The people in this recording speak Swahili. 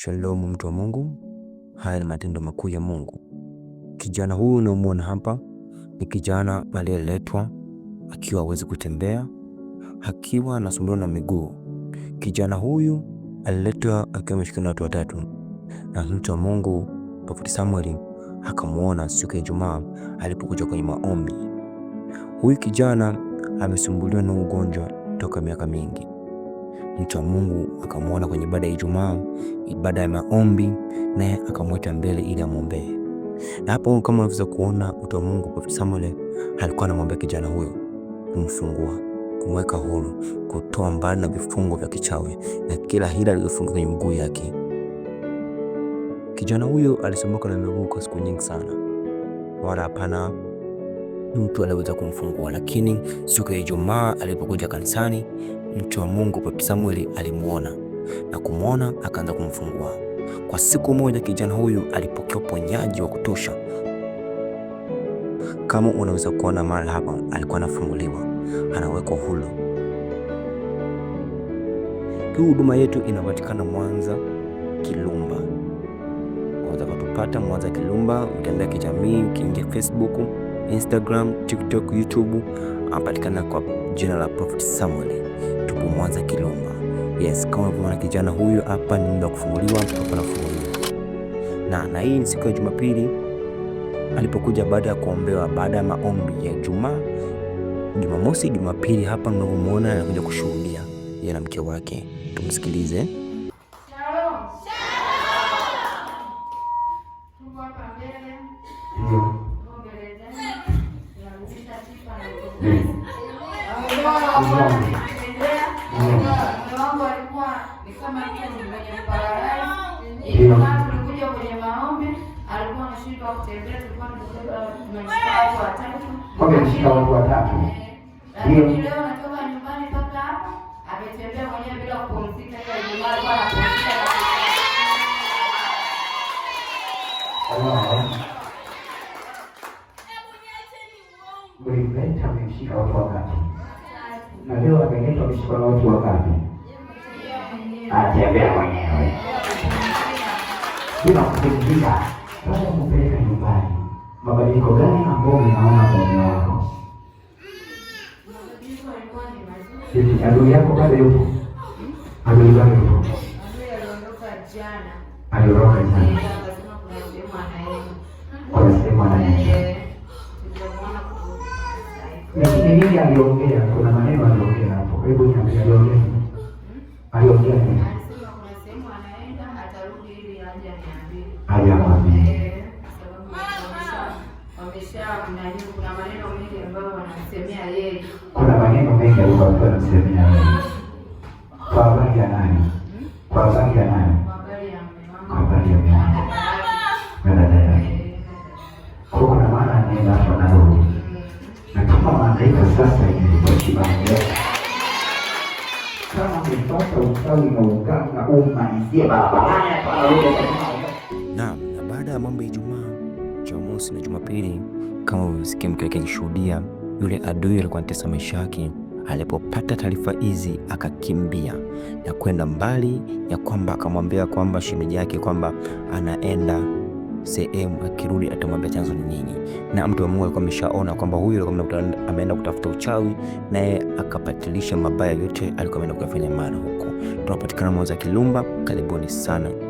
Shalom, mtu wa Mungu, haya ni matendo makuu ya Mungu. Kijana huyu unaomwona hapa ni kijana aliyeletwa akiwa hawezi kutembea, akiwa anasumbuliwa na miguu. Kijana huyu aliletwa akiwa ameshikiwa na watu watatu, na mtu wa Mungu Profeti Samueli akamwona siku ya Ijumaa alipokuja kwenye maombi. Huyu kijana amesumbuliwa na ugonjwa toka miaka mingi mtu wa Mungu akamwona kwenye ibada ya Ijumaa, ibada ya maombi, naye akamwita mbele ili amwombee. Na hapo kama unaweza kuona mtu wa Mungu Prophet Samuel alikuwa anamwambia kijana huyo kumfungua, kumweka huru, kutoa mbali na vifungo vya kichawi na kila hila lilofungwa kwenye mguu yake. Kijana huyo alisumbuka na miguu kwa siku nyingi sana, wala hapana mtu aliweza kumfungua, lakini siku ya Ijumaa alipokuja kanisani mtu wa Mungu Samueli alimuona na kumwona akaanza kumfungua. Kwa siku moja, kijana huyu alipokea uponyaji wa kutosha. Kama unaweza kuona, mara hapa alikuwa anafunguliwa, anawekwa hulo. Hii huduma yetu inapatikana Mwanza Kilumba. Unaweza kutupata Mwanza Kilumba, mtandao kijamii, ukiingia Facebook, Instagram, TikTok, YouTube anapatikana kwa jina la Prophet Samuel, tupo Mwanza Kilomba. Yes, kama unavyoona kijana huyu hapa ni muda wa kufunguliwa, mtoto anafunguliwa na na hii ni siku ya Jumapili alipokuja baada ya kuombewa, baada ya maombi ya Jumaa, Jumamosi, Jumapili. Hapa mnavyomuona anakuja kushuhudia yeye na mke wake, tumsikilize. ambao nimetembelea mume wangu kwenye maombi, alikuwa anashindwa kutembea, tulikuwa tumemshika watu watu watatu, lakini leo natoka nyumbani mpaka hapa ametembea mwenyewe bila kupumzika, amemshika watu watatu amechukua watu wangapi? Atembea mwenyewe bila kutingiza, baada kupeleka nyumbani. Mabadiliko gani ambayo unaona kwa mume wako? Sisi adui yako bado yupo, adui bado yupo, aliondoka jana, kuna sehemu anaenda, lakini nini aliongea? kuna Hebu aliongea aliongea nini? Aje niambie. Kuna maneno mengi ambayo wanamsemea yeye, kwa habari ya nani? Kwa habari ya nani? kupata uganga umalizie barabara. na baada ya mambo ya Ijumaa, Jumamosi na Jumapili, kama ulivyosikia mke wake akishuhudia, yule adui alikuwa anatesa maisha yake. Alipopata taarifa hizi akakimbia na kwenda mbali ya kwamba akamwambia kwamba shemeji yake kwamba anaenda sehemu, akirudi atamwambia chanzo ni nini, na mtu wa Mungu alikuwa ameshaona kwamba huyu alikuwa ameenda kutafuta uchawi, naye akapatilisha mabaya yote alikuwa ameenda kuyafanya mara huko. Tunapatikana Mwanza Kilumba, karibuni sana.